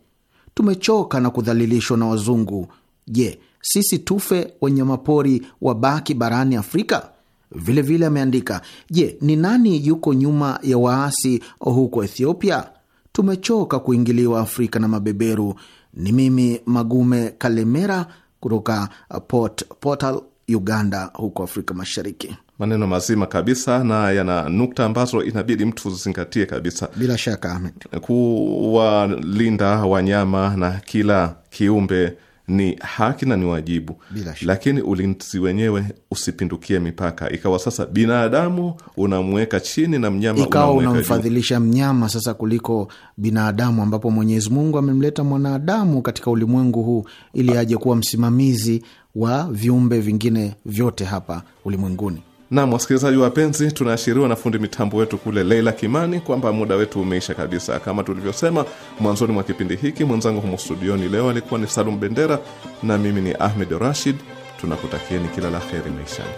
Tumechoka na kudhalilishwa na wazungu. Je, sisi tufe, wanyamapori wabaki barani Afrika? Vilevile vile ameandika, je, ni nani yuko nyuma ya waasi huko Ethiopia? Tumechoka kuingiliwa Afrika na mabeberu. Ni mimi Magume Kalemera kutoka Port Portal, Uganda, huko Afrika Mashariki maneno mazima kabisa na yana nukta ambazo inabidi mtu zizingatie kabisa. Bila shaka, Ahmed, kuwalinda wanyama na kila kiumbe ni haki na ni wajibu, lakini ulinzi wenyewe usipindukie mipaka, ikawa sasa binadamu unamweka chini na mnyama ikawa unamfadhilisha mnyama sasa kuliko binadamu, ambapo Mwenyezi Mungu amemleta mwanadamu katika ulimwengu huu ili aje kuwa msimamizi wa viumbe vingine vyote hapa ulimwenguni. Nam, wasikilizaji wapenzi, tunaashiriwa na fundi mitambo wetu kule Leila Kimani kwamba muda wetu umeisha kabisa. Kama tulivyosema mwanzoni mwa kipindi hiki, mwenzangu humo studioni leo alikuwa ni Salum Bendera na mimi ni Ahmed Rashid. Tunakutakieni kila la heri maishani.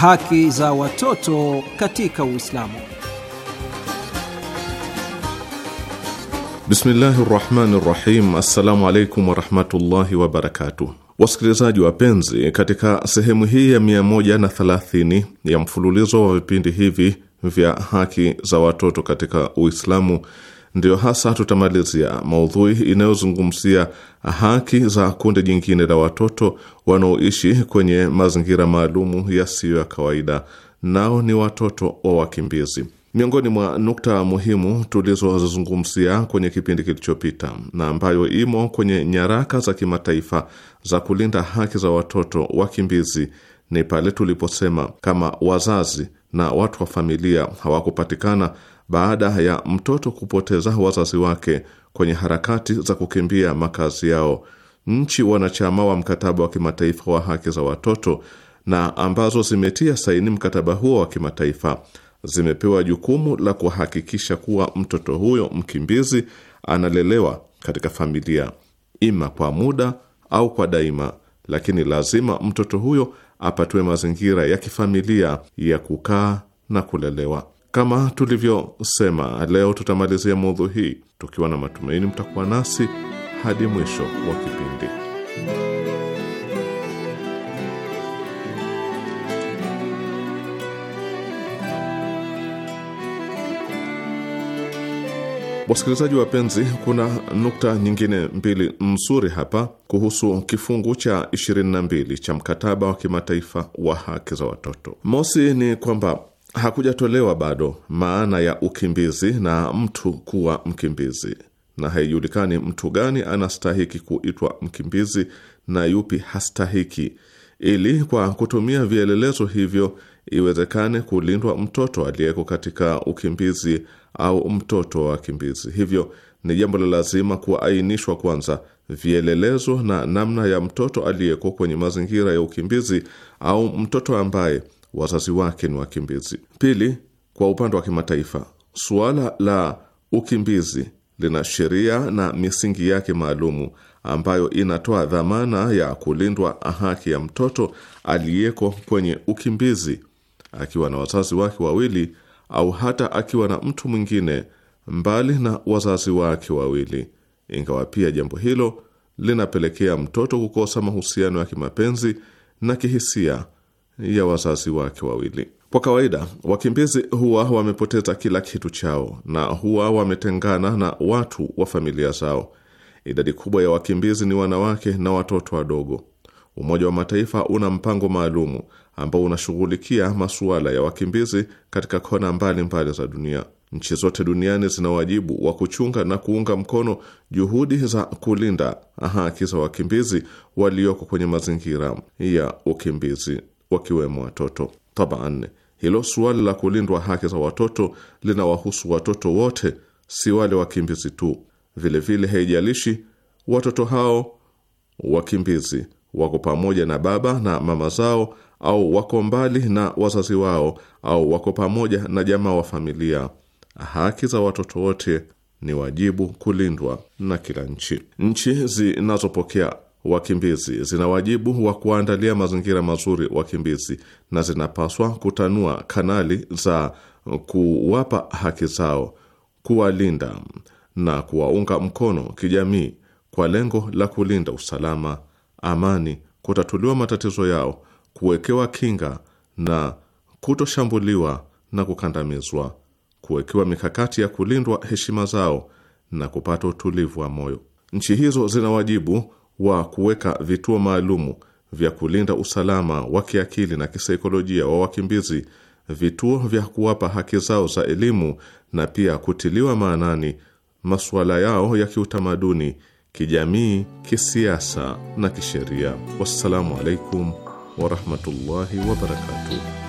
haki za watoto katika Uislamu. Bismillahi rahmani rahim. Assalamu alaikum warahmatullahi wabarakatuh. Wasikilizaji wapenzi, katika sehemu hii ya 130 ya mfululizo wa vipindi hivi vya haki za watoto katika Uislamu ndiyo hasa tutamalizia maudhui inayozungumzia haki za kundi jingine la watoto wanaoishi kwenye mazingira maalumu yasiyo ya kawaida, nao ni watoto wa wakimbizi. Miongoni mwa nukta muhimu tulizozungumzia kwenye kipindi kilichopita na ambayo imo kwenye nyaraka za kimataifa za kulinda haki za watoto wakimbizi ni pale tuliposema, kama wazazi na watu wa familia hawakupatikana baada ya mtoto kupoteza wazazi wake kwenye harakati za kukimbia makazi yao nchi wanachama wa mkataba wa kimataifa wa haki za watoto na ambazo zimetia saini mkataba huo wa kimataifa zimepewa jukumu la kuhakikisha kuwa mtoto huyo mkimbizi analelewa katika familia ima kwa muda au kwa daima, lakini lazima mtoto huyo apatiwe mazingira ya kifamilia ya kukaa na kulelewa. Kama tulivyosema, leo tutamalizia mudhu hii tukiwa na matumaini mtakuwa nasi hadi mwisho wa kipindi. Wasikilizaji wapenzi, kuna nukta nyingine mbili nzuri hapa kuhusu kifungu cha 22 cha mkataba wa kimataifa wa haki za watoto. Mosi ni kwamba hakujatolewa bado maana ya ukimbizi na mtu kuwa mkimbizi, na haijulikani mtu gani anastahiki kuitwa mkimbizi na yupi hastahiki, ili kwa kutumia vielelezo hivyo iwezekane kulindwa mtoto aliyeko katika ukimbizi au mtoto wa wakimbizi. Hivyo ni jambo la lazima kuainishwa kwanza vielelezo na namna ya mtoto aliyeko kwenye mazingira ya ukimbizi au mtoto ambaye wazazi wake ni wakimbizi. Pili, kwa upande wa kimataifa, suala la ukimbizi lina sheria na misingi yake maalumu ambayo inatoa dhamana ya kulindwa haki ya mtoto aliyeko kwenye ukimbizi akiwa na wazazi wake wawili au hata akiwa na mtu mwingine mbali na wazazi wake wawili, ingawa pia jambo hilo linapelekea mtoto kukosa mahusiano ya kimapenzi na kihisia ya wazazi wake wawili. Kwa kawaida wakimbizi huwa wamepoteza kila kitu chao na huwa wametengana na watu wa familia zao. Idadi kubwa ya wakimbizi ni wanawake na watoto wadogo. Umoja wa Mataifa una mpango maalumu ambao unashughulikia masuala ya wakimbizi katika kona mbalimbali mbali za dunia. Nchi zote duniani zina wajibu wa kuchunga na kuunga mkono juhudi za kulinda haki za wakimbizi walioko kwenye mazingira ya ukimbizi wakiwemo watoto taban. Hilo suala la kulindwa haki za watoto linawahusu watoto wote, si wale wakimbizi tu. Vilevile haijalishi watoto hao wakimbizi wako pamoja na baba na mama zao au wako mbali na wazazi wao au wako pamoja na jamaa wa familia. Haki za watoto wote ni wajibu kulindwa na kila nchi. Nchi zinazopokea wakimbizi zina wajibu wa kuandalia mazingira mazuri wakimbizi na zinapaswa kutanua kanali za kuwapa haki zao, kuwalinda na kuwaunga mkono kijamii kwa lengo la kulinda usalama, amani, kutatuliwa matatizo yao, kuwekewa kinga na kutoshambuliwa na kukandamizwa, kuwekewa mikakati ya kulindwa heshima zao na kupata utulivu wa moyo. Nchi hizo zina wajibu wa kuweka vituo maalumu vya kulinda usalama wa kiakili na kisaikolojia wa wakimbizi, vituo vya kuwapa haki zao za elimu na pia kutiliwa maanani masuala yao ya kiutamaduni, kijamii, kisiasa na kisheria. Wassalamu alaikum warahmatullahi wabarakatuh.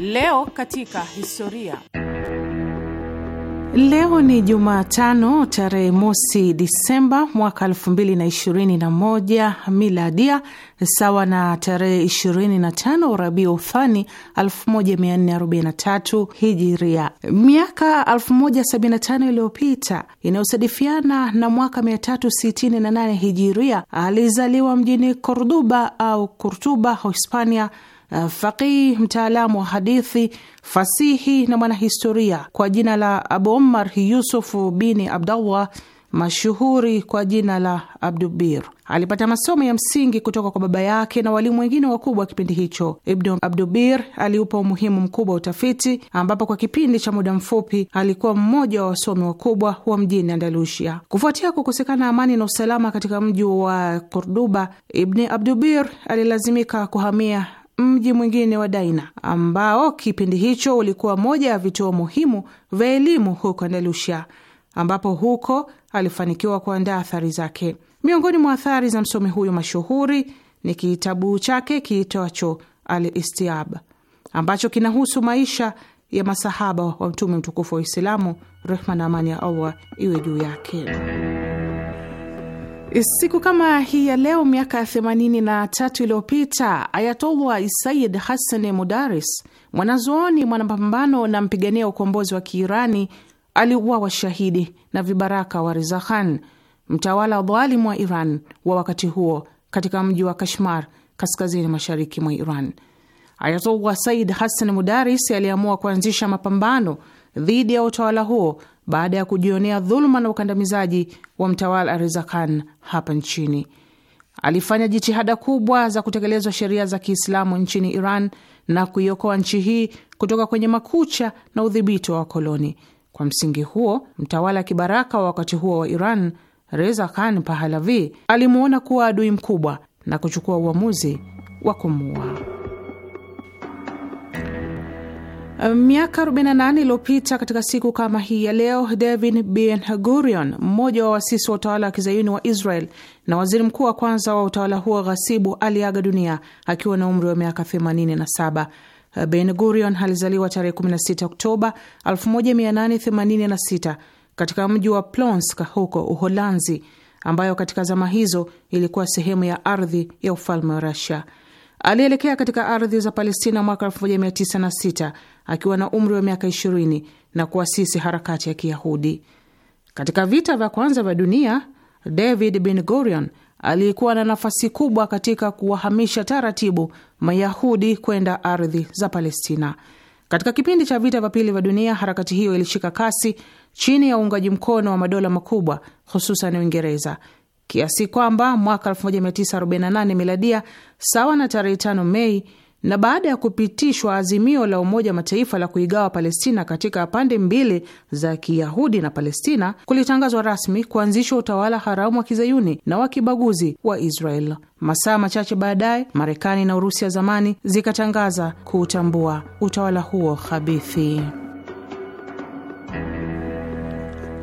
Leo katika historia. Leo ni Jumatano tarehe mosi Disemba mwaka elfu mbili na ishirini na moja miladia, sawa na tarehe 25 Rabiu Uthani 1443 Hijiria. Miaka 175 iliyopita inayosadifiana na mwaka 368 Hijiria, alizaliwa mjini Korduba au Kurtuba, Hispania Uh, faqihi, mtaalamu wa hadithi, fasihi na mwanahistoria kwa jina la Abu Omar Yusufu bini Abdallah mashuhuri kwa jina la Abdubir. Alipata masomo ya msingi kutoka kwa baba yake na walimu wengine wakubwa wa kipindi hicho. ibnu Abdubir aliupa umuhimu mkubwa wa utafiti, ambapo kwa kipindi cha muda mfupi alikuwa mmoja wa wasomi wakubwa wa mjini Andalusia. Kufuatia kukosekana amani na usalama katika mji wa Korduba, Ibni Abdubir alilazimika kuhamia mji mwingine wa Daina ambao kipindi hicho ulikuwa moja ya vituo muhimu vya elimu huko Andalusia, ambapo huko alifanikiwa kuandaa athari zake. Miongoni mwa athari za msomi huyo mashuhuri ni kitabu chake kiitwacho Al-Istiab ambacho kinahusu maisha ya masahaba wa Mtume mtukufu wa Uislamu, rehma na amani ya Allah iwe juu yake. Eh, siku kama hii ya leo miaka 83 iliyopita Ayatollah Sayyid Hassan Mudaris, mwanazuoni mwanapambano na mpigania ukombozi wa Kiirani, aliuawa shahidi na vibaraka wa Reza Khan, mtawala dhalimu wa Iran wa wakati huo, katika mji wa Kashmar, kaskazini mashariki mwa Iran. Ayatollah Sayyid Hassan Mudaris aliamua kuanzisha mapambano dhidi ya utawala huo baada ya kujionea dhuluma na ukandamizaji wa mtawala Reza Khan hapa nchini. Alifanya jitihada kubwa za kutekelezwa sheria za Kiislamu nchini Iran na kuiokoa nchi hii kutoka kwenye makucha na udhibiti wa wakoloni. Kwa msingi huo, mtawala kibaraka wa wakati huo wa Iran, Reza Khan Pahalavi, alimuona kuwa adui mkubwa na kuchukua uamuzi wa kumuua. Um, miaka 48 iliyopita katika siku kama hii ya leo, David Ben Gurion, mmoja wa wasisi wa utawala wa kizayuni wa Israel na waziri mkuu wa kwanza wa utawala huo ghasibu, aliaga dunia akiwa na umri wa miaka 87. Uh, ben Gurion alizaliwa tarehe 16 Oktoba 1886 katika mji wa Plonsk huko Uholanzi, ambayo katika zama hizo ilikuwa sehemu ya ardhi ya ufalme wa Rusia. Alielekea katika ardhi za Palestina mwaka 1906 akiwa na umri wa miaka ishirini na kuasisi harakati ya Kiyahudi. Katika vita vya kwanza vya dunia, David Ben Gurion alikuwa na nafasi kubwa katika kuwahamisha taratibu Mayahudi kwenda ardhi za Palestina. Katika kipindi cha vita vya pili vya dunia, harakati hiyo ilishika kasi chini ya uungaji mkono wa madola makubwa, hususan Uingereza, kiasi kwamba mwaka 1948 miladia, sawa na tarehe 5 Mei, na baada ya kupitishwa azimio la Umoja wa Mataifa la kuigawa Palestina katika pande mbili za Kiyahudi na Palestina, kulitangazwa rasmi kuanzishwa utawala haramu wa kizayuni na wa kibaguzi wa Israel. Masaa machache baadaye, Marekani na Urusi ya zamani zikatangaza kuutambua utawala huo habithi.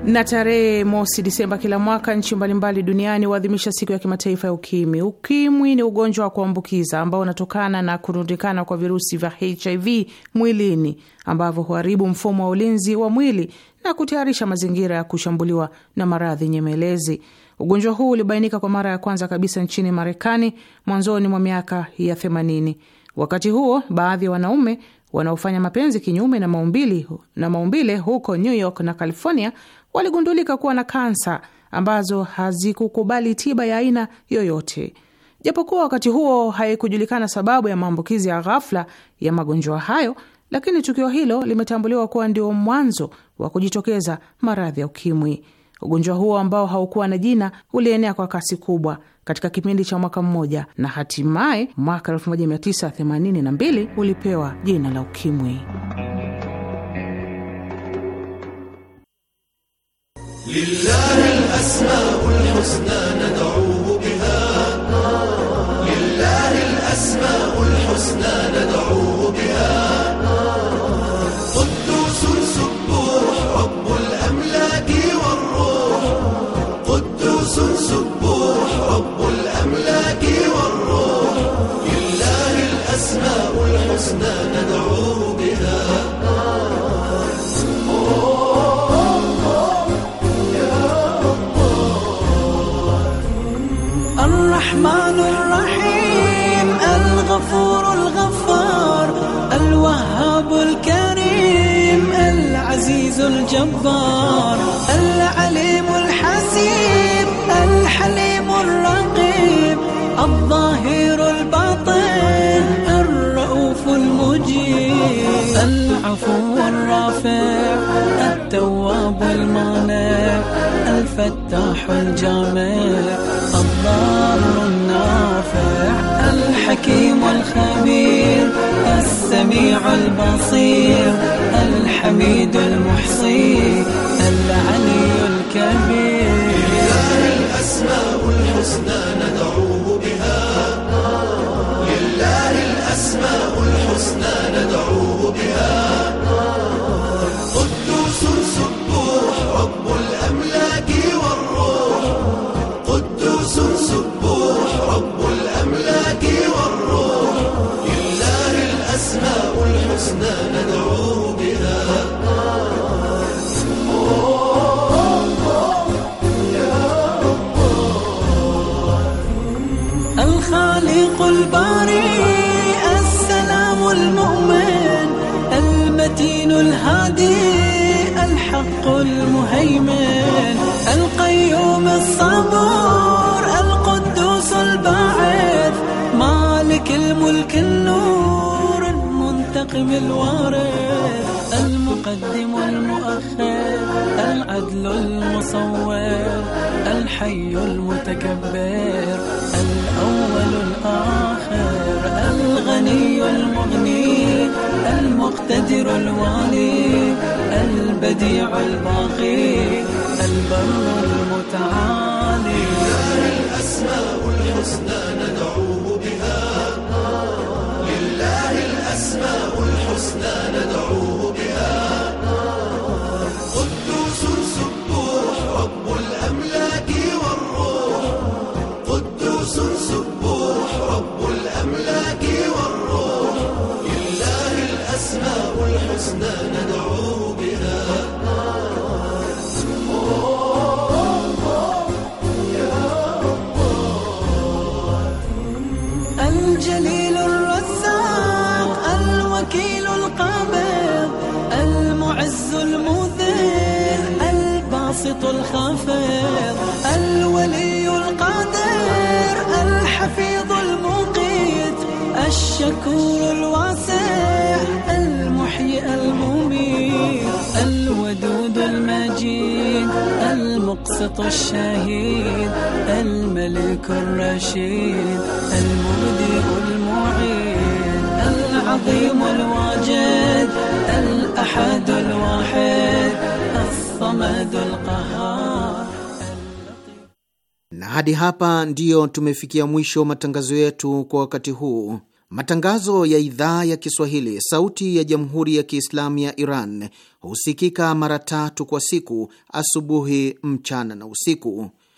Na tarehe mosi Disemba kila mwaka nchi mbalimbali duniani huadhimisha siku ya kimataifa ya ukimwi. Ukimwi ni ugonjwa wa kuambukiza ambao unatokana na kurundikana kwa virusi vya HIV mwilini ambavyo huharibu mfumo wa ulinzi wa mwili na kutayarisha mazingira ya kushambuliwa na maradhi nyemelezi. Ugonjwa huu ulibainika kwa mara ya kwanza kabisa nchini Marekani mwanzoni mwa miaka ya themanini. Wakati huo baadhi ya wanaume wanaofanya mapenzi kinyume na maumbile, na maumbile huko New York na California waligundulika kuwa na kansa ambazo hazikukubali tiba ya aina yoyote. Japokuwa wakati huo haikujulikana sababu ya maambukizi ya ghafla ya magonjwa hayo, lakini tukio hilo limetambuliwa kuwa ndio mwanzo wa kujitokeza maradhi ya ukimwi. Ugonjwa huo ambao haukuwa na jina ulienea kwa kasi kubwa katika kipindi cha mwaka mmoja na hatimaye mwaka 1982 ulipewa jina la ukimwi. لله الأسماء الحسنى ندعوه بها لله الأسماء الحسنى ندعوه بها قدوس سبوح رب الأملاك والروح قدوس سبوح رب الأملاك والروح لله الأسماء الحسنى العزيز الجبار العليم الحسيب الحليم الرقيب الظاهر الباطن الرؤوف المجيب العفو الرافع التواب المانع الفتاح الجامع الضار النافع الحكيم الخبير السميع البصير الحميد المحصي العلي الكبير لله الأسماء الحسنى ندعوه بها لله الأسماء الحسنى ندعوه بها قدوس سبوح رب الأملاك والروح قدوس سبوح رب الأملاك لنا ندعوه بها الخالق الباري السلام المؤمن المتين الهادي الحق المهيمن القيوم الصبور الحاكم الوارث المقدم المؤخر العدل المصور الحي المتكبر الأول الآخر الغني المغني المقتدر الوالي البديع الباقي البر المتعالي الأسماء الحسنى ندعوه بها لله الأسماء الحسنى ندعوه بها الرشيد المبدئ المعين العظيم الواجد الأحد الواحد الصمد القهار na hadi hapa ndiyo tumefikia mwisho matangazo yetu kwa wakati huu. Matangazo ya idhaa ya Kiswahili sauti ya jamhuri ya Kiislamu ya Iran husikika mara tatu kwa siku: asubuhi, mchana na usiku.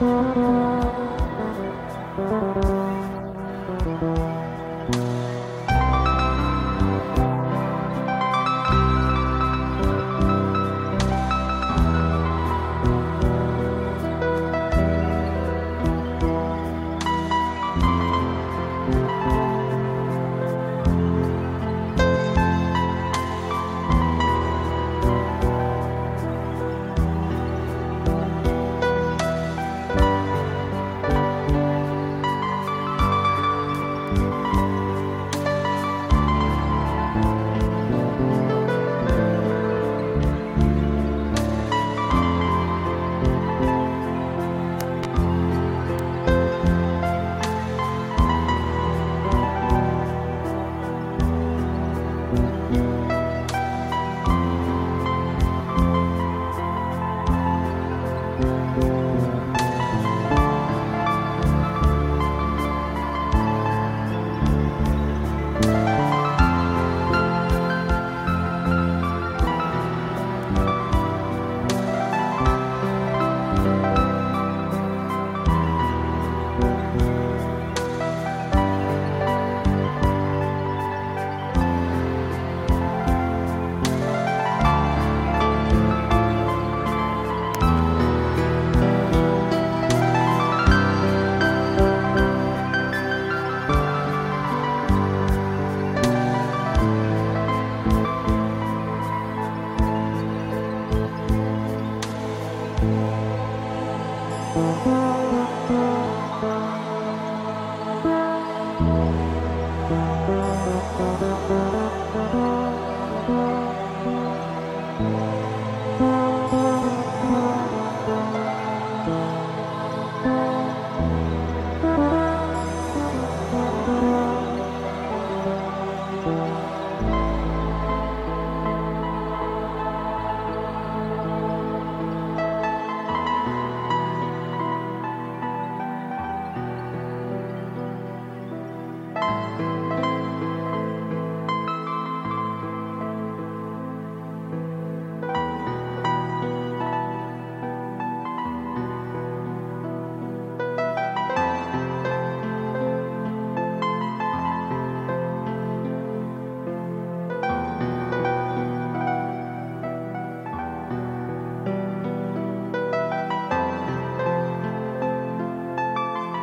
Thank you. you.